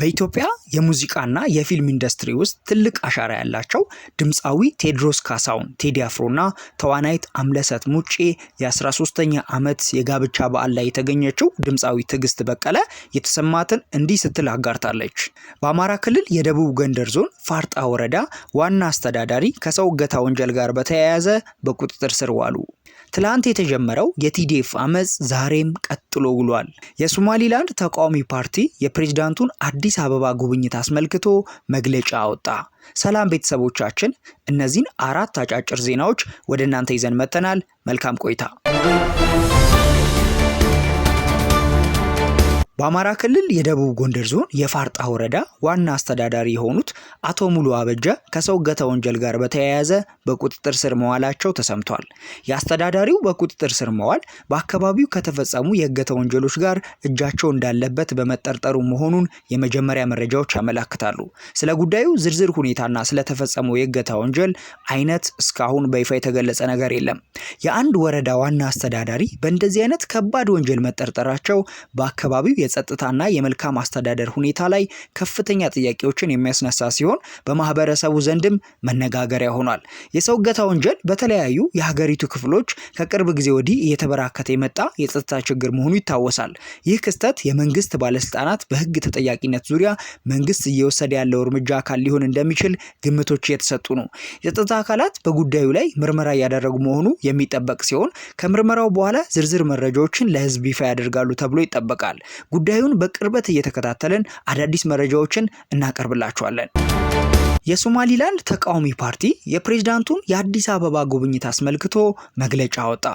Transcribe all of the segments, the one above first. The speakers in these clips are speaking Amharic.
በኢትዮጵያ የሙዚቃና የፊልም ኢንዱስትሪ ውስጥ ትልቅ አሻራ ያላቸው ድምፃዊ ቴድሮስ ካሳሁን ቴዲ አፍሮና ተዋናይት አምለሰት ሙጬ የ13ኛ ዓመት የጋብቻ በዓል ላይ የተገኘችው ድምፃዊ ትዕግስት በቀለ የተሰማትን እንዲህ ስትል አጋርታለች። በአማራ ክልል የደቡብ ጎንደር ዞን ፋርጣ ወረዳ ዋና አስተዳዳሪ ከሰው እገታ ወንጀል ጋር በተያያዘ በቁጥጥር ስር ዋሉ። ትላንት የተጀመረው የቲዲኤፍ አመፅ ዛሬም ቀጥሎ ውሏል። የሶማሊላንድ ተቃዋሚ ፓርቲ የፕሬዚዳንቱን አዲስ አበባ ጉብኝት አስመልክቶ መግለጫ አወጣ። ሰላም ቤተሰቦቻችን፣ እነዚህን አራት አጫጭር ዜናዎች ወደ እናንተ ይዘን መጥተናል። መልካም ቆይታ በአማራ ክልል የደቡብ ጎንደር ዞን የፋርጣ ወረዳ ዋና አስተዳዳሪ የሆኑት አቶ ሙሉ አበጃ ከሰው እገታ ወንጀል ጋር በተያያዘ በቁጥጥር ስር መዋላቸው ተሰምቷል። የአስተዳዳሪው በቁጥጥር ስር መዋል በአካባቢው ከተፈጸሙ የእገታ ወንጀሎች ጋር እጃቸው እንዳለበት በመጠርጠሩ መሆኑን የመጀመሪያ መረጃዎች ያመላክታሉ። ስለ ጉዳዩ ዝርዝር ሁኔታና ስለተፈጸመው የእገታ ወንጀል አይነት እስካሁን በይፋ የተገለጸ ነገር የለም። የአንድ ወረዳ ዋና አስተዳዳሪ በእንደዚህ አይነት ከባድ ወንጀል መጠርጠራቸው በአካባቢው የጸጥታና የመልካም አስተዳደር ሁኔታ ላይ ከፍተኛ ጥያቄዎችን የሚያስነሳ ሲሆን በማህበረሰቡ ዘንድም መነጋገሪያ ሆኗል። የሰው እገታ ወንጀል በተለያዩ የሀገሪቱ ክፍሎች ከቅርብ ጊዜ ወዲህ እየተበራከተ የመጣ የጸጥታ ችግር መሆኑ ይታወሳል። ይህ ክስተት የመንግስት ባለስልጣናት በህግ ተጠያቂነት ዙሪያ መንግስት እየወሰደ ያለው እርምጃ አካል ሊሆን እንደሚችል ግምቶች እየተሰጡ ነው። የጸጥታ አካላት በጉዳዩ ላይ ምርመራ እያደረጉ መሆኑ የሚጠበቅ ሲሆን ከምርመራው በኋላ ዝርዝር መረጃዎችን ለህዝብ ይፋ ያደርጋሉ ተብሎ ይጠበቃል። ጉዳዩን በቅርበት እየተከታተልን አዳዲስ መረጃዎችን እናቀርብላችኋለን። የሶማሊላንድ ተቃዋሚ ፓርቲ የፕሬዝዳንቱን የአዲስ አበባ ጉብኝት አስመልክቶ መግለጫ አወጣ።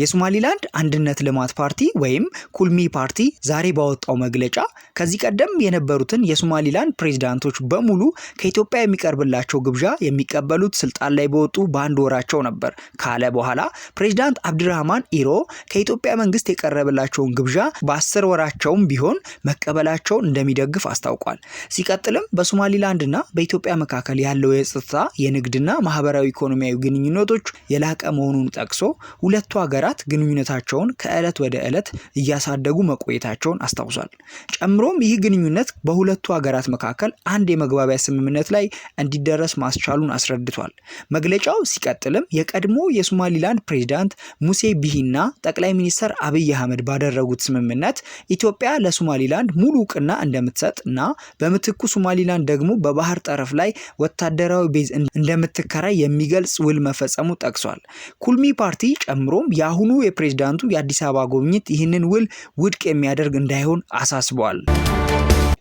የሶማሊላንድ አንድነት ልማት ፓርቲ ወይም ኩልሚ ፓርቲ ዛሬ ባወጣው መግለጫ ከዚህ ቀደም የነበሩትን የሶማሊላንድ ፕሬዝዳንቶች በሙሉ ከኢትዮጵያ የሚቀርብላቸው ግብዣ የሚቀበሉት ስልጣን ላይ በወጡ በአንድ ወራቸው ነበር ካለ በኋላ ፕሬዝዳንት አብድራህማን ኢሮ ከኢትዮጵያ መንግስት የቀረበላቸውን ግብዣ በአስር ወራቸውም ቢሆን መቀበላቸውን እንደሚደግፍ አስታውቋል። ሲቀጥልም በሶማሊላንድና በኢትዮጵያ መካከል መካከል ያለው የጸጥታ የንግድና ማህበራዊ ኢኮኖሚያዊ ግንኙነቶች የላቀ መሆኑን ጠቅሶ ሁለቱ ሀገራት ግንኙነታቸውን ከዕለት ወደ ዕለት እያሳደጉ መቆየታቸውን አስታውሷል። ጨምሮም ይህ ግንኙነት በሁለቱ ሀገራት መካከል አንድ የመግባቢያ ስምምነት ላይ እንዲደረስ ማስቻሉን አስረድቷል። መግለጫው ሲቀጥልም የቀድሞ የሶማሊላንድ ፕሬዚዳንት ሙሴ ቢሂና ጠቅላይ ሚኒስትር አብይ አህመድ ባደረጉት ስምምነት ኢትዮጵያ ለሶማሊላንድ ሙሉ እውቅና እንደምትሰጥ እና በምትኩ ሶማሊላንድ ደግሞ በባህር ጠረፍ ላይ ወታደራዊ ቤዝ እንደምትከራይ የሚገልጽ ውል መፈጸሙ ጠቅሷል። ኩልሚ ፓርቲ ጨምሮም የአሁኑ የፕሬዝዳንቱ የአዲስ አበባ ጉብኝት ይህንን ውል ውድቅ የሚያደርግ እንዳይሆን አሳስበዋል።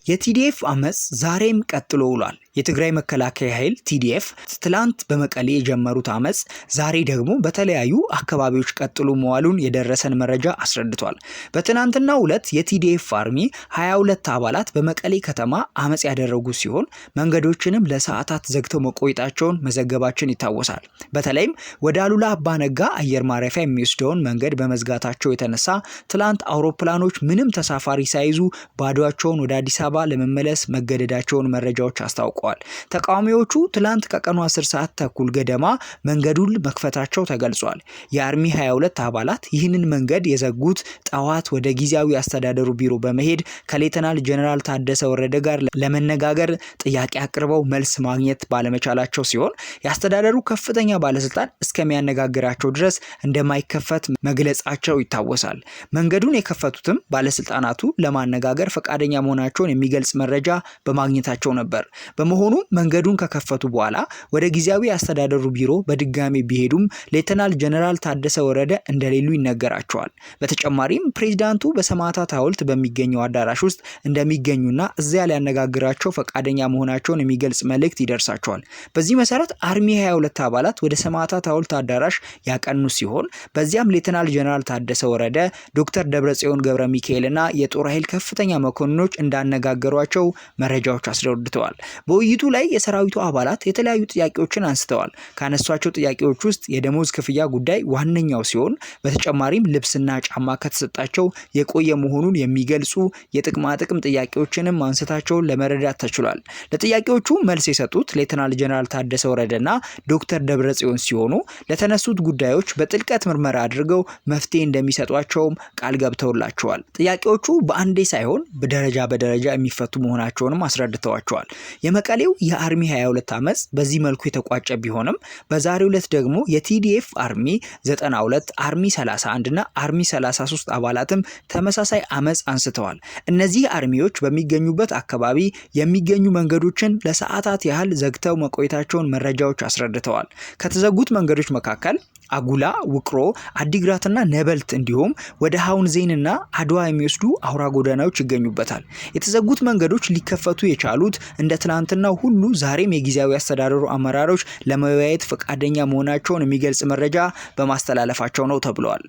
የቲዲኤፍ አመፅ ዛሬም ቀጥሎ ውሏል። የትግራይ መከላከያ ኃይል ቲዲኤፍ ትላንት በመቀሌ የጀመሩት አመፅ ዛሬ ደግሞ በተለያዩ አካባቢዎች ቀጥሎ መዋሉን የደረሰን መረጃ አስረድቷል። በትናንትና ሁለት የቲዲኤፍ አርሚ 22 አባላት በመቀሌ ከተማ አመፅ ያደረጉ ሲሆን መንገዶችንም ለሰዓታት ዘግተው መቆየታቸውን መዘገባችን ይታወሳል። በተለይም ወደ አሉላ አባነጋ አየር ማረፊያ የሚወስደውን መንገድ በመዝጋታቸው የተነሳ ትላንት አውሮፕላኖች ምንም ተሳፋሪ ሳይዙ ባዶቸውን ወደ አዲስ አበባ አበባ ለመመለስ መገደዳቸውን መረጃዎች አስታውቀዋል። ተቃዋሚዎቹ ትላንት ከቀኑ 10 ሰዓት ተኩል ገደማ መንገዱን መክፈታቸው ተገልጿል። የአርሚ 22 አባላት ይህንን መንገድ የዘጉት ጠዋት ወደ ጊዜያዊ አስተዳደሩ ቢሮ በመሄድ ከሌተናል ጀኔራል ታደሰ ወረደ ጋር ለመነጋገር ጥያቄ አቅርበው መልስ ማግኘት ባለመቻላቸው ሲሆን የአስተዳደሩ ከፍተኛ ባለስልጣን እስከሚያነጋግራቸው ድረስ እንደማይከፈት መግለጻቸው ይታወሳል። መንገዱን የከፈቱትም ባለስልጣናቱ ለማነጋገር ፈቃደኛ መሆናቸውን የሚ የሚገልጽ መረጃ በማግኘታቸው ነበር። በመሆኑም መንገዱን ከከፈቱ በኋላ ወደ ጊዜያዊ አስተዳደሩ ቢሮ በድጋሚ ቢሄዱም ሌተናል ጀነራል ታደሰ ወረደ እንደሌሉ ይነገራቸዋል። በተጨማሪም ፕሬዚዳንቱ በሰማዕታት ሐውልት በሚገኘው አዳራሽ ውስጥ እንደሚገኙና እዚያ ሊያነጋግራቸው ፈቃደኛ መሆናቸውን የሚገልጽ መልእክት ይደርሳቸዋል። በዚህ መሰረት አርሚ 22 አባላት ወደ ሰማዕታት ሐውልት አዳራሽ ያቀኑ ሲሆን በዚያም ሌተናል ጀነራል ታደሰ ወረደ፣ ዶክተር ደብረጽዮን ገብረ ሚካኤልና የጦር ኃይል ከፍተኛ መኮንኖች እንዳነጋ እንዳነጋገሯቸው መረጃዎች አስረድተዋል። በውይይቱ ላይ የሰራዊቱ አባላት የተለያዩ ጥያቄዎችን አንስተዋል። ካነሷቸው ጥያቄዎች ውስጥ የደሞዝ ክፍያ ጉዳይ ዋነኛው ሲሆን በተጨማሪም ልብስና ጫማ ከተሰጣቸው የቆየ መሆኑን የሚገልጹ የጥቅማጥቅም ጥያቄዎችንም አንስታቸውን ለመረዳት ተችሏል። ለጥያቄዎቹ መልስ የሰጡት ሌተናል ጀነራል ታደሰ ወረደና ዶክተር ደብረጽዮን ሲሆኑ ለተነሱት ጉዳዮች በጥልቀት ምርመራ አድርገው መፍትሄ እንደሚሰጧቸውም ቃል ገብተውላቸዋል። ጥያቄዎቹ በአንዴ ሳይሆን በደረጃ በደረጃ እንደሚፈቱ መሆናቸውንም አስረድተዋቸዋል። የመቀሌው የአርሚ 22 ዓመፅ በዚህ መልኩ የተቋጨ ቢሆንም በዛሬው ዕለት ደግሞ የቲዲኤፍ አርሚ 92፣ አርሚ 31 እና አርሚ 33 አባላትም ተመሳሳይ አመፅ አንስተዋል። እነዚህ አርሚዎች በሚገኙበት አካባቢ የሚገኙ መንገዶችን ለሰዓታት ያህል ዘግተው መቆየታቸውን መረጃዎች አስረድተዋል። ከተዘጉት መንገዶች መካከል አጉላ፣ ውቅሮ፣ አዲግራትና ነበልት እንዲሁም ወደ ሀውን ዜንና አድዋ የሚወስዱ አውራ ጎዳናዎች ይገኙበታል። የተዘጉ የጉጉት መንገዶች ሊከፈቱ የቻሉት እንደ ትናንትናው ሁሉ ዛሬም የጊዜያዊ አስተዳደሩ አመራሮች ለመወያየት ፈቃደኛ መሆናቸውን የሚገልጽ መረጃ በማስተላለፋቸው ነው ተብለዋል።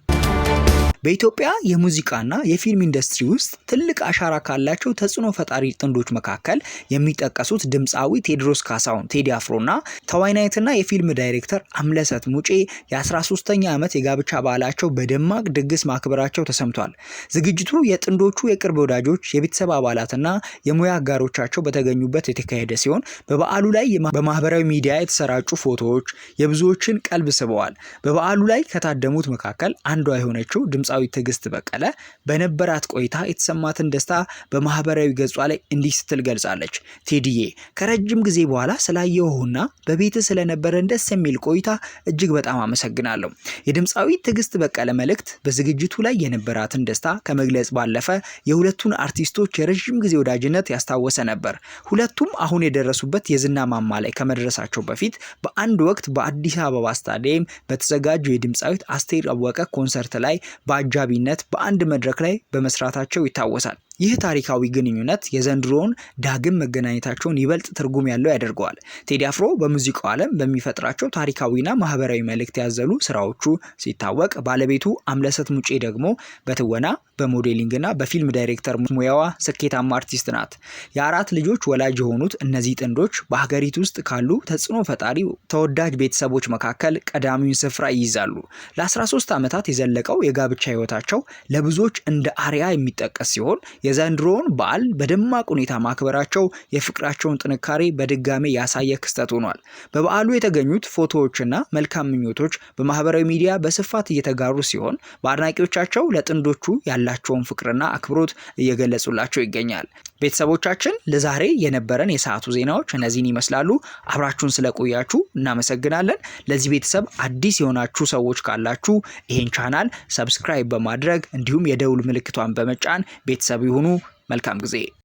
በኢትዮጵያ የሙዚቃና የፊልም ኢንዱስትሪ ውስጥ ትልቅ አሻራ ካላቸው ተጽዕኖ ፈጣሪ ጥንዶች መካከል የሚጠቀሱት ድምፃዊ ቴድሮስ ካሳሁን ቴዲ አፍሮና ተዋናይትና የፊልም ዳይሬክተር አምለሰት ሙጬ የ13ኛ ዓመት የጋብቻ በዓላቸው በደማቅ ድግስ ማክበራቸው ተሰምቷል። ዝግጅቱ የጥንዶቹ የቅርብ ወዳጆች፣ የቤተሰብ አባላትና የሙያ አጋሮቻቸው በተገኙበት የተካሄደ ሲሆን በበዓሉ ላይ በማህበራዊ ሚዲያ የተሰራጩ ፎቶዎች የብዙዎችን ቀልብ ስበዋል። በበዓሉ ላይ ከታደሙት መካከል አንዷ የሆነችው ድምፃ ድምፃዊ ትዕግስት በቀለ በነበራት ቆይታ የተሰማትን ደስታ በማህበራዊ ገጿ ላይ እንዲህ ስትል ገልጻለች። ቴዲዬ ከረጅም ጊዜ በኋላ ስላየሁና በቤት ስለነበረን ደስ የሚል ቆይታ እጅግ በጣም አመሰግናለሁ። የድምፃዊ ትዕግስት በቀለ መልእክት በዝግጅቱ ላይ የነበራትን ደስታ ከመግለጽ ባለፈ የሁለቱን አርቲስቶች የረዥም ጊዜ ወዳጅነት ያስታወሰ ነበር። ሁለቱም አሁን የደረሱበት የዝና ማማ ላይ ከመድረሳቸው በፊት በአንድ ወቅት በአዲስ አበባ ስታዲየም በተዘጋጀው የድምፃዊት አስቴር አወቀ ኮንሰርት ላይ አጃቢነት በአንድ መድረክ ላይ በመስራታቸው ይታወሳል። ይህ ታሪካዊ ግንኙነት የዘንድሮውን ዳግም መገናኘታቸውን ይበልጥ ትርጉም ያለው ያደርገዋል። ቴዲ አፍሮ በሙዚቃው ዓለም በሚፈጥራቸው ታሪካዊና ማህበራዊ መልእክት ያዘሉ ስራዎቹ ሲታወቅ፣ ባለቤቱ አምለሰት ሙጬ ደግሞ በትወና በሞዴሊንግና በፊልም ዳይሬክተር ሙያዋ ስኬታማ አርቲስት ናት። የአራት ልጆች ወላጅ የሆኑት እነዚህ ጥንዶች በሀገሪቱ ውስጥ ካሉ ተጽዕኖ ፈጣሪ ተወዳጅ ቤተሰቦች መካከል ቀዳሚውን ስፍራ ይይዛሉ። ለ13 ዓመታት የዘለቀው የጋብቻ ህይወታቸው ለብዙዎች እንደ አርያ የሚጠቀስ ሲሆን የዘንድሮውን በዓል በደማቅ ሁኔታ ማክበራቸው የፍቅራቸውን ጥንካሬ በድጋሜ ያሳየ ክስተት ሆኗል። በበዓሉ የተገኙት ፎቶዎችና መልካም ምኞቶች በማህበራዊ ሚዲያ በስፋት እየተጋሩ ሲሆን በአድናቂዎቻቸው ለጥንዶቹ ያላቸውን ፍቅርና አክብሮት እየገለጹላቸው ይገኛል። ቤተሰቦቻችን ለዛሬ የነበረን የሰዓቱ ዜናዎች እነዚህን ይመስላሉ። አብራችሁን ስለቆያችሁ እናመሰግናለን። ለዚህ ቤተሰብ አዲስ የሆናችሁ ሰዎች ካላችሁ ይሄን ቻናል ሰብስክራይብ በማድረግ እንዲሁም የደውል ምልክቷን በመጫን ቤተሰብ ይሁኑ። መልካም ጊዜ